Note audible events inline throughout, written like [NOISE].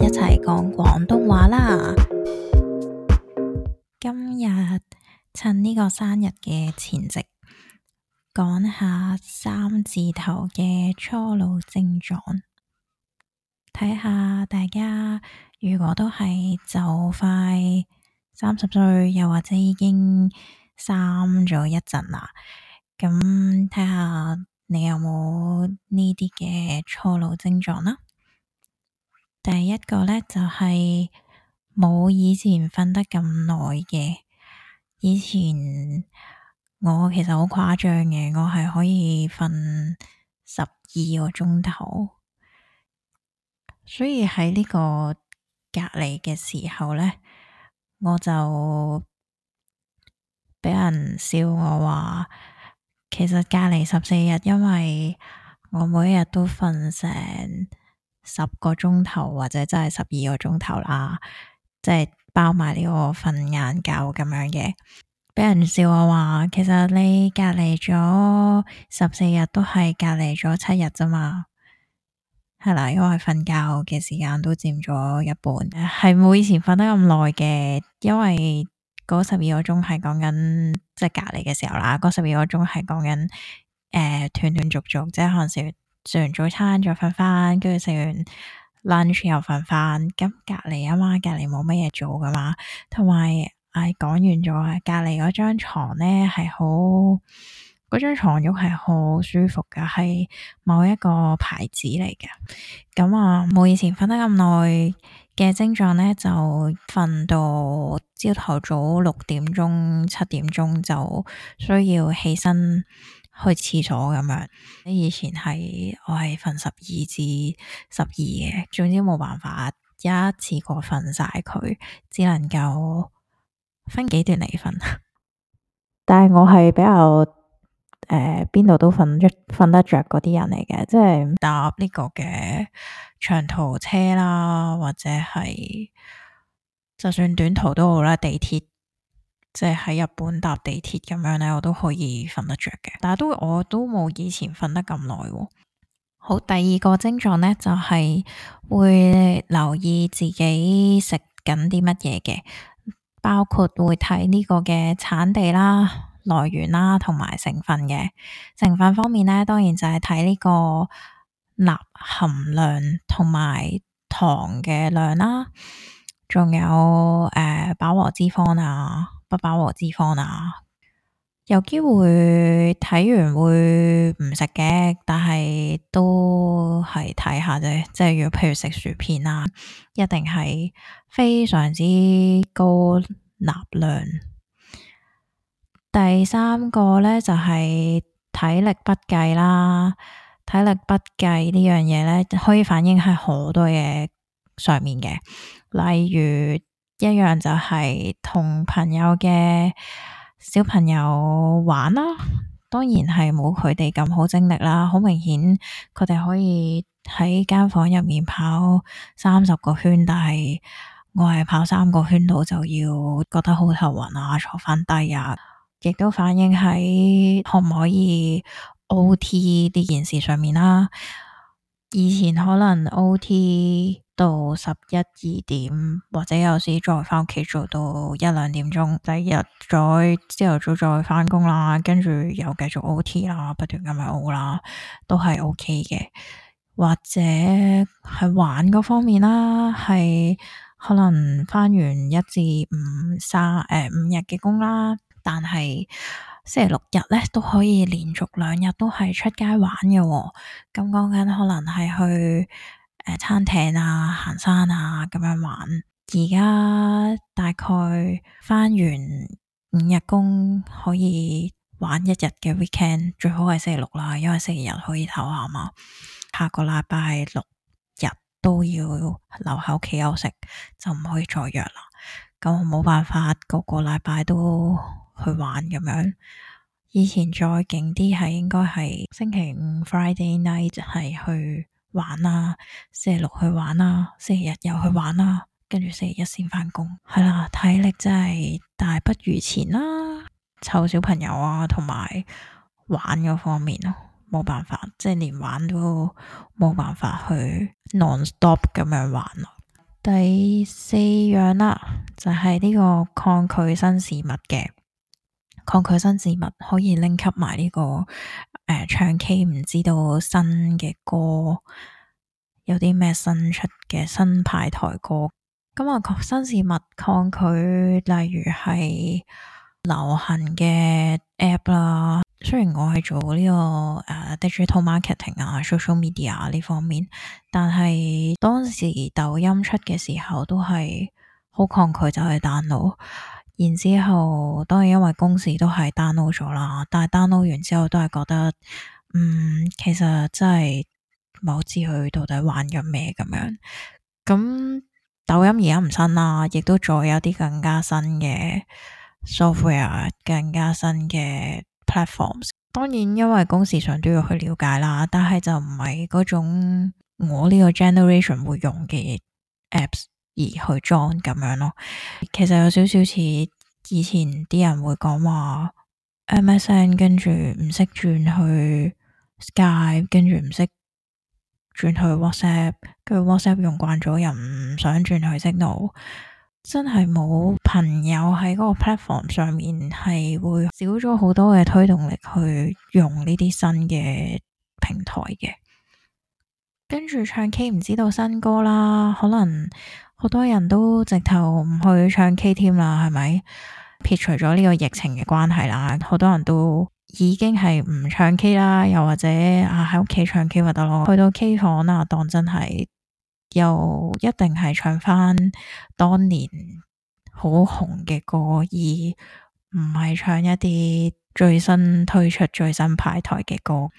一齊講廣東話啦！今日趁呢個生日嘅前夕，講下三字頭嘅初老症狀，睇下大家如果都係就快三十歲，又或者已經三咗一陣啦，咁睇下你有冇呢啲嘅初老症狀啦。第一個呢，就係冇以前瞓得咁耐嘅。以前我其實好誇張嘅，我係可以瞓十二個鐘頭，所以喺呢個隔離嘅時候呢，我就畀人笑我話，其實隔離十四日，因為我每一日都瞓成。十個鐘頭或者真係十二個鐘頭啦，即係包埋呢個瞓晏覺咁樣嘅，俾人笑我話，其實你隔離咗十四日都係隔離咗七日咋嘛？係啦，因為瞓覺嘅時間都佔咗一半，係冇以前瞓得咁耐嘅，因為嗰十二個鐘係講緊即係隔離嘅時候啦，嗰十二個鐘係講緊誒斷斷續續，即係可能食完早餐再瞓返，跟住食完 lunch 又瞓返。咁隔籬啊嘛，隔籬冇乜嘢做噶嘛。同埋唉，講完咗，隔籬嗰張床呢係好，嗰張床褥係好舒服噶，係某一個牌子嚟噶。咁、嗯、啊，冇以前瞓得咁耐嘅症狀呢，就瞓到朝頭早六點鐘、七點鐘就需要起身。去廁所咁樣，你以前係我係瞓十二至十二嘅，總之冇辦法一次過瞓晒佢，只能夠分幾段嚟瞓。但係我係比較誒，邊度都瞓着瞓得着嗰啲人嚟嘅，即係搭呢個嘅長途車啦，或者係就算短途都好啦、地鐵。即係喺日本搭地鐵咁樣咧，我都可以瞓得着嘅，但係都我都冇以前瞓得咁耐。好，第二個症狀呢，就係、是、會留意自己食緊啲乜嘢嘅，包括會睇呢個嘅產地啦、來源啦，同埋成分嘅成分方面呢，當然就係睇呢個鈉含量同埋糖嘅量啦，仲有誒飽、呃、和脂肪啊。不飽和脂肪啦、啊，有機會睇完會唔食嘅，但係都係睇下啫。即係要，譬如食薯片啦、啊，一定係非常之高鈉量。第三個咧就係、是、體力不繼啦，體力不繼呢樣嘢咧可以反映喺好多嘢上面嘅，例如。一樣就係同朋友嘅小朋友玩啦，當然係冇佢哋咁好精力啦。好明顯，佢哋可以喺間房入面跑三十個圈，但係我係跑三個圈度就要覺得好頭暈啊，坐翻低啊，亦都反映喺可唔可以 OT 呢件事上面啦。以前可能 OT。到十一二點，或者有時再翻屋企做到一兩點鐘，第二日再朝頭早上再翻工啦，跟住又繼續 OT 啦，不斷咁樣 O 啦，都係 OK 嘅。或者係玩嗰方面啦，係可能翻完一至五三誒五日嘅工啦，但係星期六日咧都可以連續兩日都係出街玩嘅喎。咁講緊可能係去。誒，餐廳啊，行山啊，咁樣玩。而家大概返完五日工，可以玩一日嘅 weekend，最好係星期六啦，因為星期日可以唞下嘛。下個禮拜六日都要留喺屋企休息，就唔可以再約啦。咁我冇辦法，個個禮拜都去玩咁樣。以前再勁啲係應該係星期五 Friday night 係去。玩啊，星期六去玩啊，星期日，日又去玩啊，跟住星期一先翻工，係啦，體力真係大不如前啦，湊小朋友啊，同埋玩嗰方面咯、啊，冇辦法，即係連玩都冇辦法去 non stop 咁樣玩咯。第四樣啦，就係、是、呢個抗拒新事物嘅，抗拒新事物可以拎，吸埋呢個。誒，唱 K 唔知道新嘅歌有啲咩新出嘅新派台歌。咁啊新事物抗拒，例如係流行嘅 app 啦。雖然我係做呢個誒 digital marketing 啊，social media 呢方面，但係當時抖音出嘅時候，都係好抗拒就，就係 download。然之後，當然因為公事都係 download 咗啦，但係 download 完之後都係覺得，嗯，其實真係冇知佢到底玩咗咩咁樣。咁、嗯、抖音而家唔新啦，亦都再有啲更加新嘅 software，更加新嘅 platforms。當然因為公事上都要去了解啦，但係就唔係嗰種我呢個 generation 會用嘅 apps。而去裝咁樣咯，其實有少少似以前啲人會講話 MSN，跟住唔識轉去 Skype，跟住唔識轉去 WhatsApp，跟住 WhatsApp 用慣咗又唔想轉去 Signal，真係冇朋友喺嗰個 platform 上面係會少咗好多嘅推動力去用呢啲新嘅平台嘅，跟住唱 K 唔知道新歌啦，可能。好多人都直頭唔去唱 K 添啦，係咪撇除咗呢個疫情嘅關係啦？好多人都已經係唔唱 K 啦，又或者啊喺屋企唱 K 咪得咯，去到 K 房啊，當真係又一定係唱翻當年好紅嘅歌，而唔係唱一啲最新推出、最新派台嘅歌。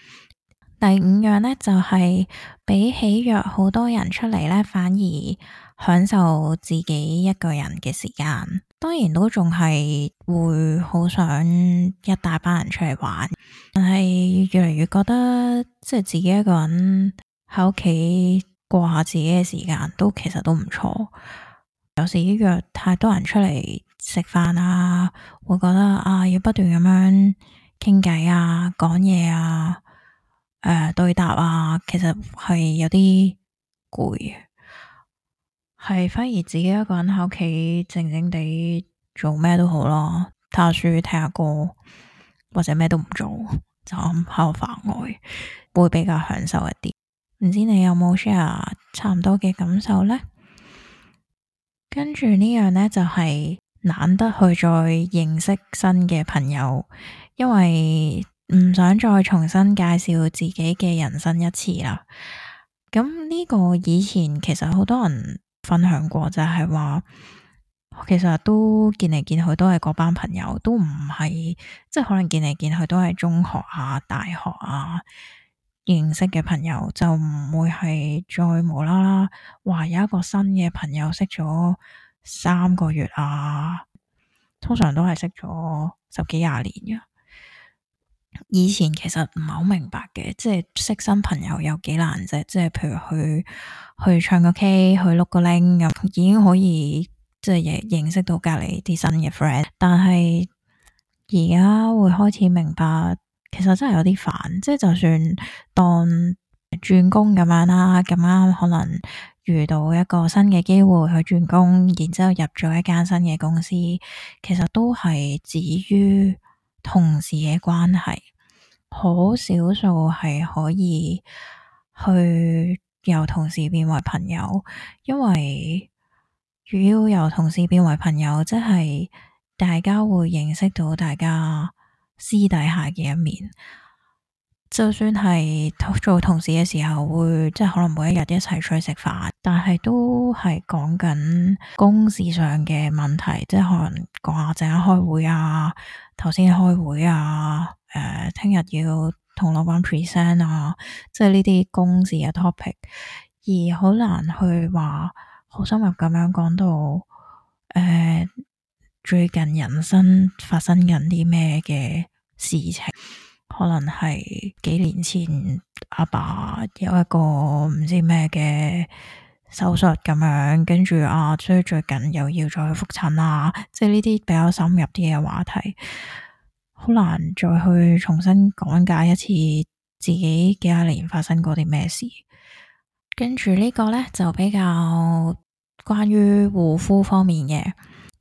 第五樣呢，就係比起約好多人出嚟呢，反而享受自己一個人嘅時間。當然都仲係會好想一大班人出嚟玩，但係越嚟越覺得即係自己一個人喺屋企過下自己嘅時間都其實都唔錯。有時約太多人出嚟食飯啊，會覺得啊要不斷咁樣傾偈啊，講嘢啊。誒、呃，對答啊，其實係有啲攰，係反而自己一個人喺屋企靜靜地做咩都好啦，睇下書，聽下歌，或者咩都唔做，就咁喺度發呆，會比較享受一啲。唔知你有冇 share 差唔多嘅感受呢？跟住呢樣呢，就係懶得去再認識新嘅朋友，因為。唔想再重新介紹自己嘅人生一次啦。咁呢個以前其實好多人分享過，就係話，其實都見嚟見去都係嗰班朋友，都唔係即係可能見嚟見去都係中學啊、大學啊認識嘅朋友，就唔會係再無啦啦話有一個新嘅朋友識咗三個月啊，通常都係識咗十幾廿年嘅。以前其實唔係好明白嘅，即係識新朋友有幾難啫，即係譬如去去唱個 K，去碌個 link 咁，已經可以即係認識到隔籬啲新嘅 friend。但係而家會開始明白，其實真係有啲煩。即係就算當轉工咁樣啦，咁啱可能遇到一個新嘅機會去轉工，然之後入咗一間新嘅公司，其實都係至於。同事嘅關係，好少數係可以去由同事變為朋友，因為主要由同事變為朋友，即係大家會認識到大家私底下嘅一面。就算係做同事嘅時候會，會即係可能每一日一齊出去食飯，但係都係講緊公事上嘅問題，即係可能講下陣間開會啊，頭先開會啊，誒、呃，聽日要同老闆 present 啊，即係呢啲公事嘅 topic，而好難去話好深入咁樣講到誒、呃、最近人生發生緊啲咩嘅事情。可能係幾年前阿爸、爸有一個唔知咩嘅手術咁樣，跟住阿叔最近又要再去複診啦，即係呢啲比較深入啲嘅話題，好難再去重新講解一次自己幾廿年發生過啲咩事。跟住呢個呢，就比較關於護膚方面嘅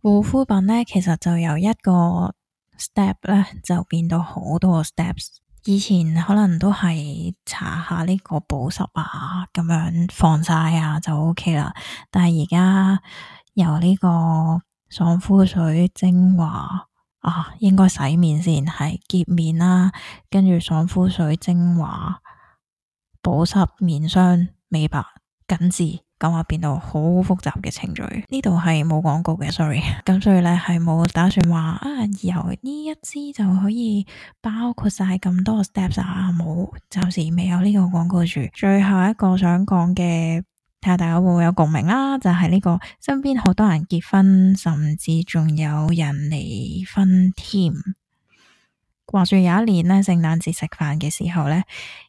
護膚品呢，其實就有一個。Step 咧，就變到好多個 Steps，以前可能都係搽下呢個保濕啊，咁樣防曬啊就 OK 啦，但係而家由呢個爽膚水精華啊，應該洗面先係潔面啦、啊，跟住爽膚水精華、保濕面霜、美白緊致。緊咁話變到好複雜嘅程序，呢度係冇廣告嘅，sorry。咁 [LAUGHS] 所以咧係冇打算話啊，由呢一支就可以包括晒咁多 steps 啊，冇，暫時未有呢個廣告住。最後一個想講嘅，睇下大家會唔會有共鳴啦，就係呢個身邊好多人結婚，甚至仲有人離婚添。話說有一年呢，聖誕節食飯嘅時候呢，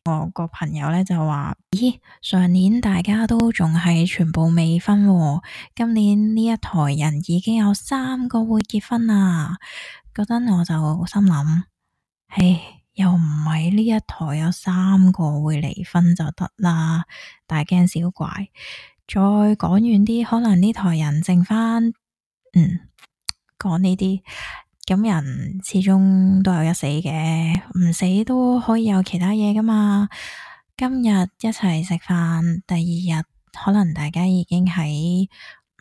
我個朋友呢就話：，咦，上年大家都仲係全部未婚，啊，今年呢一台人已經有三個會結婚啦，啊。嗰陣我就心諗，唉，又唔係呢一台有三個會離婚就得啦，大驚小怪。再講遠啲，可能呢台人剩返……嗯，講呢啲。咁人始終都有一死嘅，唔死都可以有其他嘢噶嘛。今日一齊食飯，第二日可能大家已經喺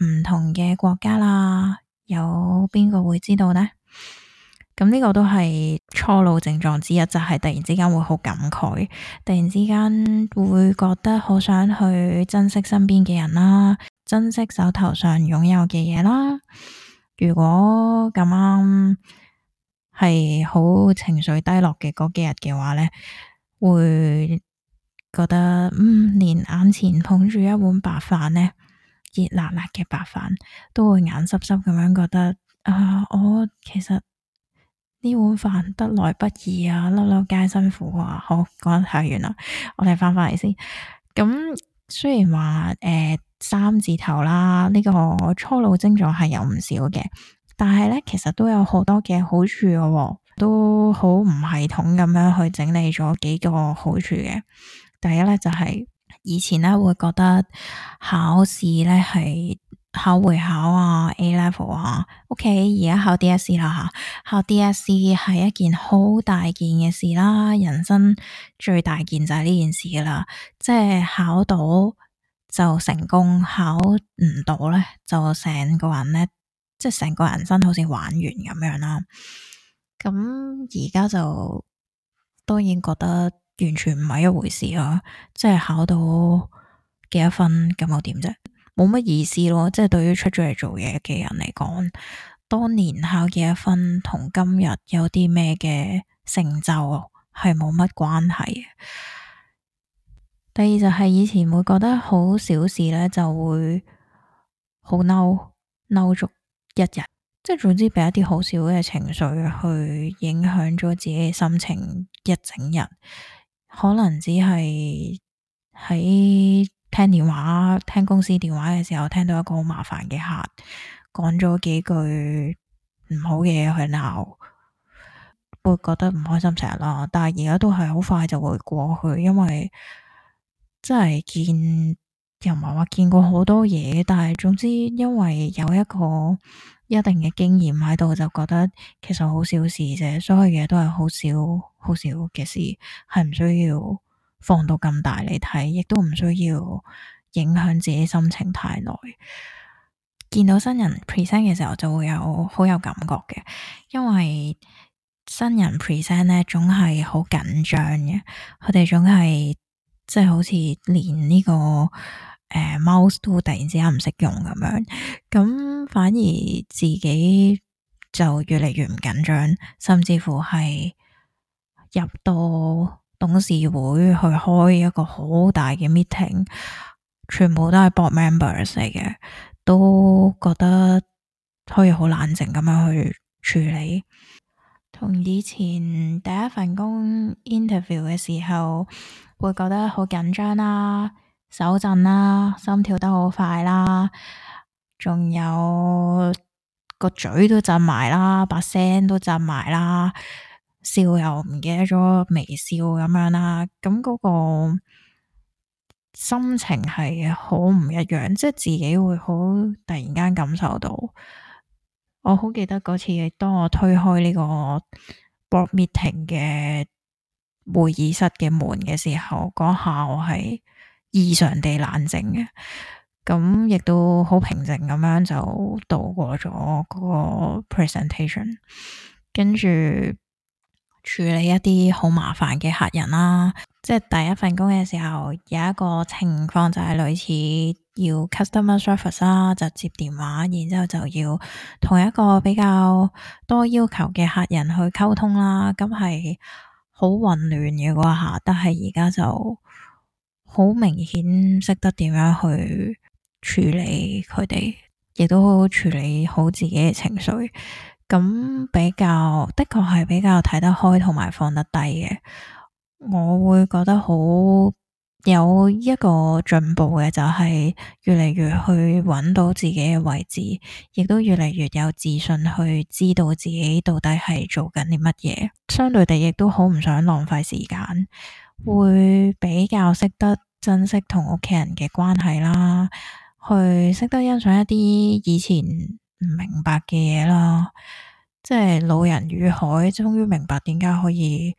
唔同嘅國家啦。有邊個會知道呢？咁呢個都係初老症狀之一，就係突然之間會好感慨，突然之間會覺得好想去珍惜身邊嘅人啦，珍惜手頭上擁有嘅嘢啦。如果咁啱係好情緒低落嘅嗰幾日嘅話咧，會覺得嗯，連眼前捧住一碗白飯咧，熱辣辣嘅白飯，都會眼濕濕咁樣覺得啊！我、呃哦、其實呢碗飯得來不易啊，粒粒皆辛苦啊！好，講得太遠啦，我哋翻返嚟先。咁雖然話誒。呃三字頭啦，呢、這個初老症狀係有唔少嘅，但係呢，其實都有好多嘅好處嘅、啊，都好唔系統咁樣去整理咗幾個好處嘅。第一呢，就係、是、以前呢會覺得考試呢係考會考啊，A level 啊，OK 而家考 DSE 啦，考 DSE 係一件好大件嘅事啦，人生最大件就係呢件事㗎啦，即係考到。就成功考唔到呢，就成個人呢，即係成個人生好似玩完咁樣啦。咁而家就當然覺得完全唔係一回事咯。即係考到幾多分咁又點啫？冇乜意思咯。即係對於出咗嚟做嘢嘅人嚟講，當年考幾多分同今日有啲咩嘅成就係冇乜關係。第二就係以前會覺得好小事咧，就會好嬲，嬲足一日，即係總之俾一啲好少嘅情緒去影響咗自己嘅心情一整日。可能只係喺聽電話、聽公司電話嘅時候，聽到一個好麻煩嘅客講咗幾句唔好嘅嘢去鬧，會覺得唔開心成日啦。但係而家都係好快就會過去，因為。即係見，又唔係話見過好多嘢，但係總之因為有一個一定嘅經驗喺度，就覺得其實好小事啫，所有嘢都係好少好少嘅事，係唔需要放到咁大嚟睇，亦都唔需要影響自己心情太耐。見到新人 present 嘅時候，就會有好有感覺嘅，因為新人 present 呢，總係好緊張嘅，佢哋總係。即係好似連呢個，這個誒 mouse，呃，都突然之間唔識用咁樣，咁反而自己就越嚟越唔緊張，甚至乎係入到董事會去開一個好大嘅 meeting，全部都係 board members 嚟嘅，都覺得可以好冷靜咁樣去處理。同以前第一份工 interview 嘅時候，會覺得好緊張啦，手震啦，心跳得好快啦，仲有個嘴都震埋啦，把聲都震埋啦，笑又唔記得咗微笑咁樣啦，咁嗰個心情係好唔一樣，即係自己會好突然間感受到。我好記得嗰次，當我推開呢個 board meeting 嘅會議室嘅門嘅時候，嗰下我係異常地冷靜嘅，咁亦都好平靜咁樣就度過咗嗰個 presentation，跟住處理一啲好麻煩嘅客人啦。即係第一份工嘅時候，有一個情況就係類似。要 customer service 啦，就接電話，然之後就要同一個比較多要求嘅客人去溝通啦。咁係好混亂嘅嗰一下，但係而家就好明顯識得點樣去處理佢哋，亦都好好處理好自己嘅情緒，咁比較的確係比較睇得開同埋放得低嘅，我會覺得好。有一個進步嘅就係越嚟越去揾到自己嘅位置，亦都越嚟越有自信去知道自己到底係做緊啲乜嘢。相對地，亦都好唔想浪費時間，會比較識得珍惜同屋企人嘅關係啦，去識得欣賞一啲以前唔明白嘅嘢啦。即係老人與海，終於明白點解可以。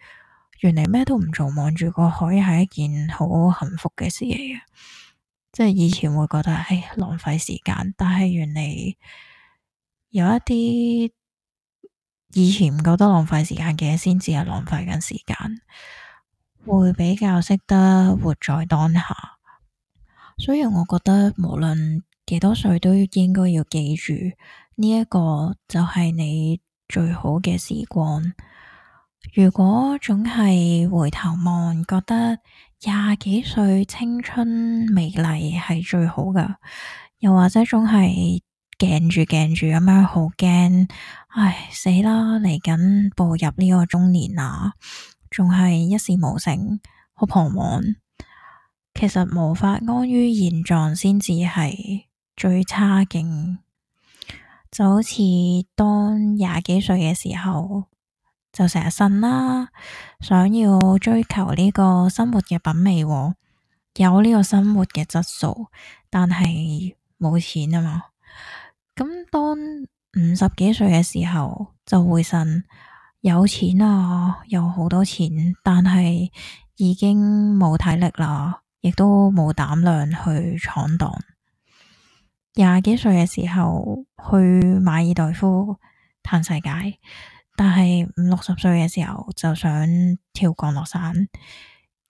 原嚟咩都唔做，望住個海係一件好幸福嘅事嚟嘅。即係以前會覺得唉，浪費時間，但係原嚟有一啲以前唔覺得浪費時間嘅先至係浪費緊時間，會比較識得活在當下。所以我覺得無論幾多歲，都應該要記住呢一個就係你最好嘅時光。如果總係回頭望，覺得廿幾歲青春美麗係最好噶，又或者總係驚住驚住咁樣，好驚，唉死啦！嚟緊步入呢個中年啊，仲係一事無成，好彷徨。其實無法安於現狀，先至係最差勁。就好似當廿幾歲嘅時候。就成日呻啦，想要追求呢個生活嘅品味，有呢個生活嘅質素，但係冇錢啊嘛。咁當五十幾歲嘅時候，就會呻有錢啊，有好多錢，但係已經冇體力啦，亦都冇膽量去闖蕩。廿幾歲嘅時候去馬爾代夫嘆世界。但係五六十歲嘅時候就想跳降落傘，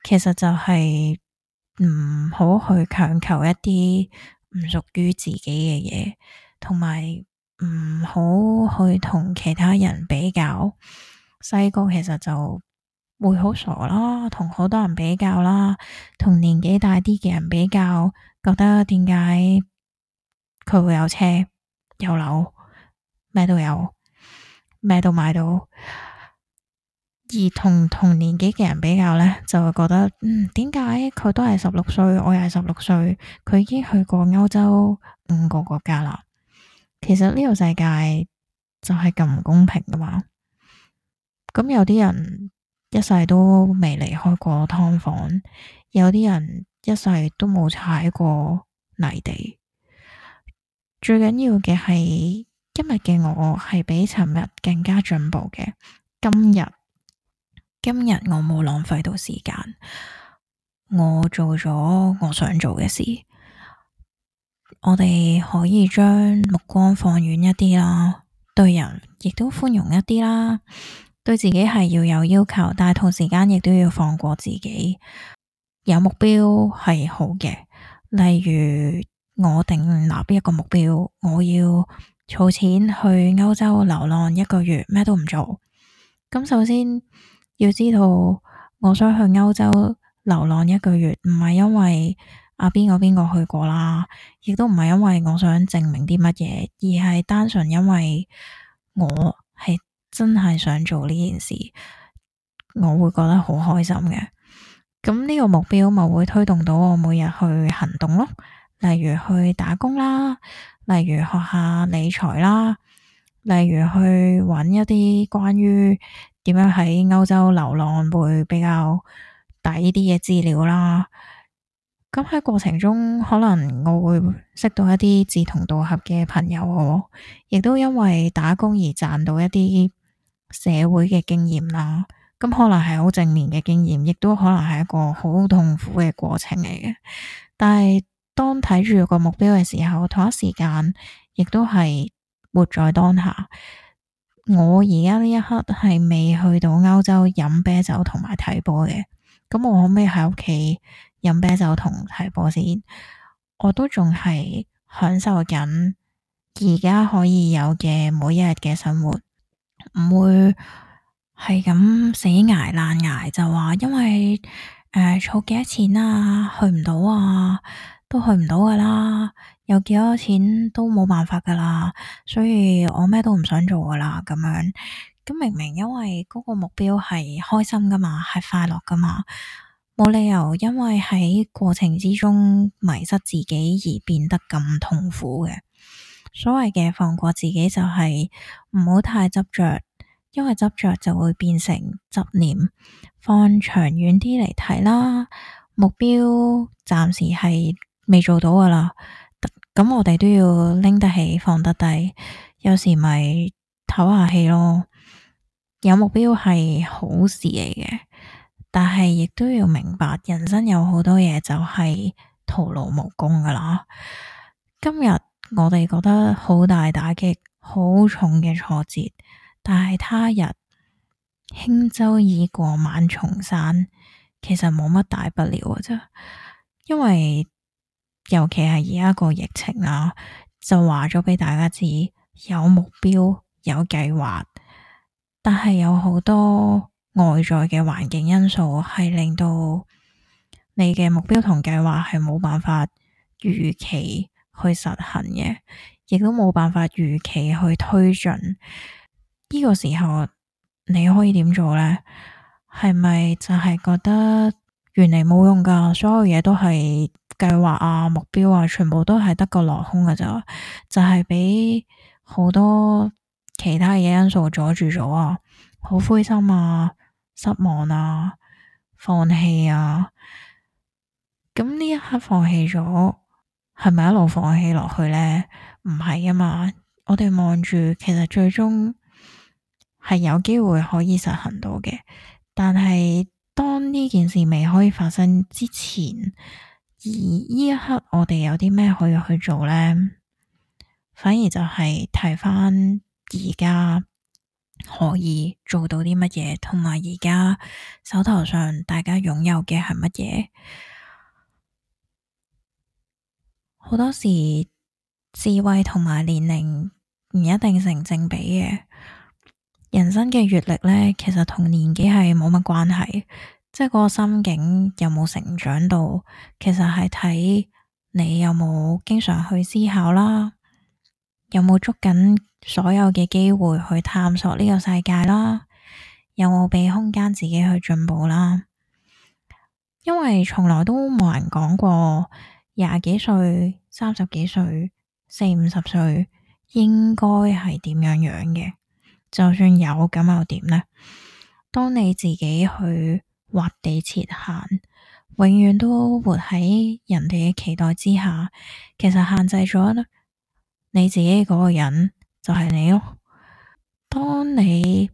其實就係唔好去強求一啲唔屬於自己嘅嘢，同埋唔好去同其他人比較。細個其實就會好傻啦，同好多人比較啦，同年紀大啲嘅人比較，覺得點解佢會有車有樓咩都有？咩都買到，而同同年紀嘅人比較呢，就會覺得，嗯，點解佢都係十六歲，我又係十六歲，佢已經去過歐洲五個國家啦。其實呢個世界就係咁唔公平噶嘛。咁有啲人一世都未離開過劏房，有啲人一世都冇踩過泥地。最緊要嘅係。今日嘅我係比尋日更加進步嘅。今日，今日我冇浪費到時間，我做咗我想做嘅事。我哋可以將目光放遠一啲啦，對人亦都寬容一啲啦，對自己係要有要求，但係同時間亦都要放過自己。有目標係好嘅，例如我定立一個目標，我要。儲錢去歐洲流浪一個月，咩都唔做。咁首先要知道，我想去歐洲流浪一個月，唔係因為阿邊個邊個去過啦，亦都唔係因為我想證明啲乜嘢，而係單純因為我係真係想做呢件事，我會覺得好開心嘅。咁呢個目標咪會推動到我每日去行動咯，例如去打工啦。例如學下理財啦，例如去揾一啲關於點樣喺歐洲流浪會比較抵啲嘅資料啦。咁喺過程中，可能我會識到一啲志同道合嘅朋友，亦都因為打工而賺到一啲社會嘅經驗啦。咁可能係好正面嘅經驗，亦都可能係一個好痛苦嘅過程嚟嘅。但係。當睇住個目標嘅時候，同一時間亦都係活在當下。我而家呢一刻係未去到歐洲飲啤酒同埋睇波嘅，咁我可唔可以喺屋企飲啤酒同睇波先？我都仲係享受緊而家可以有嘅每一日嘅生活，唔會係咁死捱爛捱就話，因為誒，儲、呃、幾多錢啊，去唔到啊。都去唔到噶啦，有幾多錢都冇辦法噶啦，所以我咩都唔想做噶啦咁樣。咁明明因為嗰個目標係開心噶嘛，係快樂噶嘛，冇理由因為喺過程之中迷失自己而變得咁痛苦嘅。所謂嘅放過自己就係唔好太執着，因為執着就會變成執念。放長遠啲嚟睇啦，目標暫時係。未做到噶啦，咁我哋都要拎得起放得低，有時咪唞下氣咯。有目標係好事嚟嘅，但係亦都要明白，人生有好多嘢就係徒勞無功噶啦。今日我哋覺得好大打擊，好重嘅挫折，但係他日輕舟已過萬重山，其實冇乜大不了嘅啫，因為。尤其係而家個疫情啦，就話咗俾大家知，有目標有計劃，但係有好多外在嘅環境因素，係令到你嘅目標同計劃係冇辦法預期去實行嘅，亦都冇辦法預期去推進。呢個時候你可以點做呢？係咪就係覺得原嚟冇用噶？所有嘢都係。計劃啊，目標啊，全部都係得個落空㗎，咋，就係俾好多其他嘢、因素阻住咗啊，好灰心啊，失望啊，放棄啊。咁呢一刻放棄咗，係咪一路放棄落去呢？唔係啊嘛。我哋望住，其實最終係有機會可以實行到嘅，但係當呢件事未可以發生之前。而呢一刻我哋有啲咩可以去做呢？反而就係睇返而家可以做到啲乜嘢，同埋而家手頭上大家擁有嘅係乜嘢。好多時智慧同埋年齡唔一定成正比嘅，人生嘅閱歷呢，其實同年紀係冇乜關係。即係個心境有冇成長到，其實係睇你有冇經常去思考啦，有冇捉緊所有嘅機會去探索呢個世界啦，有冇畀空間自己去進步啦？因為從來都冇人講過廿幾歲、三十幾歲、四五十歲應該係點樣樣嘅，就算有咁又點呢？當你自己去。劃地設限，永遠都活喺人哋嘅期待之下，其實限制咗你自己嗰個人就係你咯。當你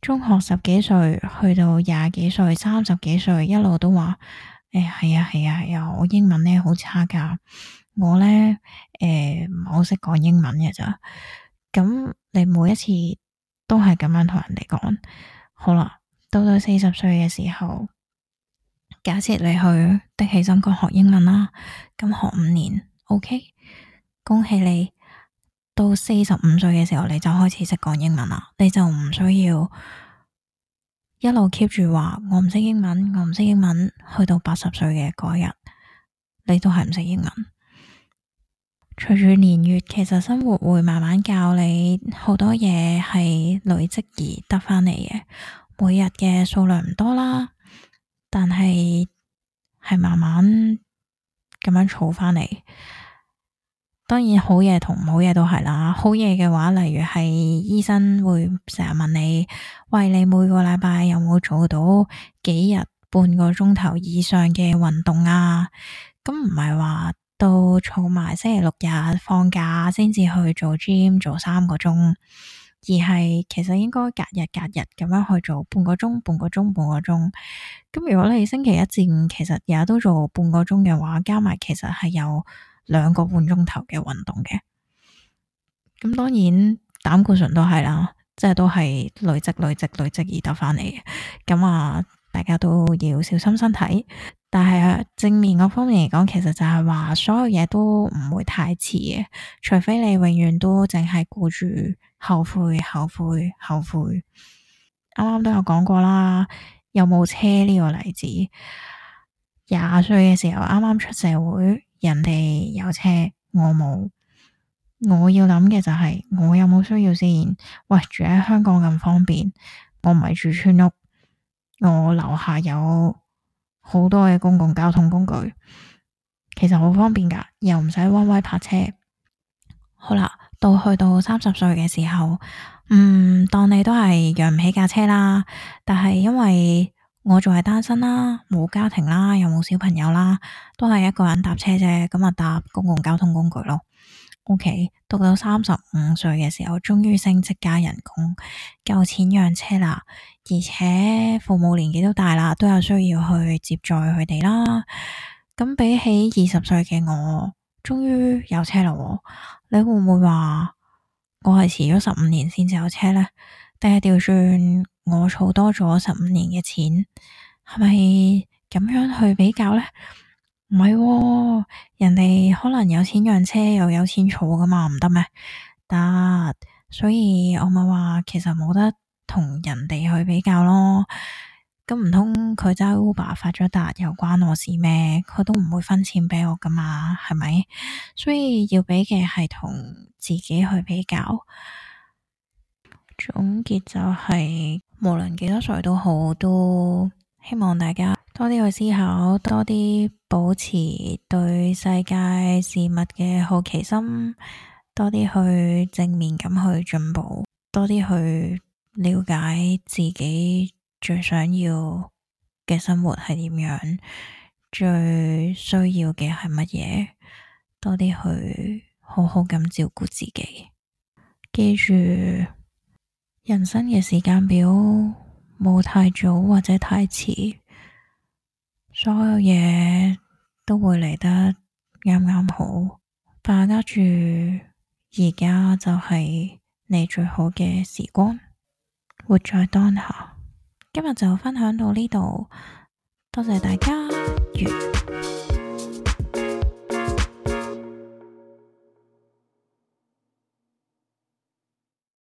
中學十幾歲去到廿幾歲、三十幾歲，一路都話：誒、哎，係啊，係啊，係啊，我英文呢好差噶，我呢，誒唔好識講英文嘅咋。咁你每一次都係咁樣同人哋講，好啦。到到四十歲嘅時候，假設你去得起心肝學英文啦，咁學五年，OK，恭喜你到四十五歲嘅時候，你就開始識講英文啦，你就唔需要一路 keep 住話我唔識英文，我唔識英文，去到八十歲嘅嗰日，你都係唔識英文。隨住年月，其實生活會慢慢教你好多嘢，係累積而得返嚟嘅。每日嘅數量唔多啦，但係係慢慢咁樣儲返嚟。當然好嘢同唔好嘢都係啦。好嘢嘅話，例如係醫生會成日問你，喂，你每個禮拜有冇做到幾日半個鐘頭以上嘅運動啊？咁唔係話都儲埋星期六日放假先至去做 gym 做三個鐘。而係其實應該隔日隔日咁樣去做半個鐘半個鐘半個鐘，咁如果你星期一至五其實日日都做半個鐘嘅話，加埋其實係有兩個半鐘頭嘅運動嘅。咁當然膽固醇都係啦，即係都係累積累積累積而得返嚟嘅，啊。咁啊大家都要小心身體。但係正面嗰方面嚟講，其實就係話所有嘢都唔會太遲嘅，除非你永遠都淨係顧住後悔、後悔、後悔。啱啱都有講過啦，有冇車呢個例子？廿歲嘅時候啱啱出社會，人哋有車，我冇。我要諗嘅就係，我有冇需要先？喂，住喺香港咁方便，我唔係住村屋，我樓下有。好多嘅公共交通工具其實好方便噶，又唔使彎彎泊車。好啦，到去到三十歲嘅時候，嗯，當你都係養唔起架車啦，但係因為我仲係單身啦，冇家庭啦，又冇小朋友啦，都係一個人搭車啫，咁啊搭公共交通工具咯。OK。讀到三十五歲嘅時候，終於升職加人工，夠錢養車啦。而且父母年紀都大啦，都有需要去接載佢哋啦。咁比起二十歲嘅我，終於有車啦。你會唔會話我係遲咗十五年先有車呢？定係掉轉我儲多咗十五年嘅錢，係咪咁樣去比較呢？唔係， [MUSIC] 人哋可能有錢養車又有錢儲噶嘛，唔得咩？得，所以我咪話，其實冇得同人哋去比較咯。咁唔通佢揸 Uber 發咗達，又關我事咩？佢都唔會分錢畀我噶嘛，係咪？所以要比嘅係同自己去比較。總結就係、是，無論幾多歲都好，都希望大家。多啲去思考，多啲保持對世界事物嘅好奇心，多啲去正面咁去進步，多啲去了解自己最想要嘅生活係點樣，最需要嘅係乜嘢，多啲去好好咁照顧自己。記住，人生嘅時間表冇太早或者太遲。所有嘢都會嚟得啱啱好，把握住，而家就係你最好嘅時光，活在當下。今日就分享到呢度，多謝大家。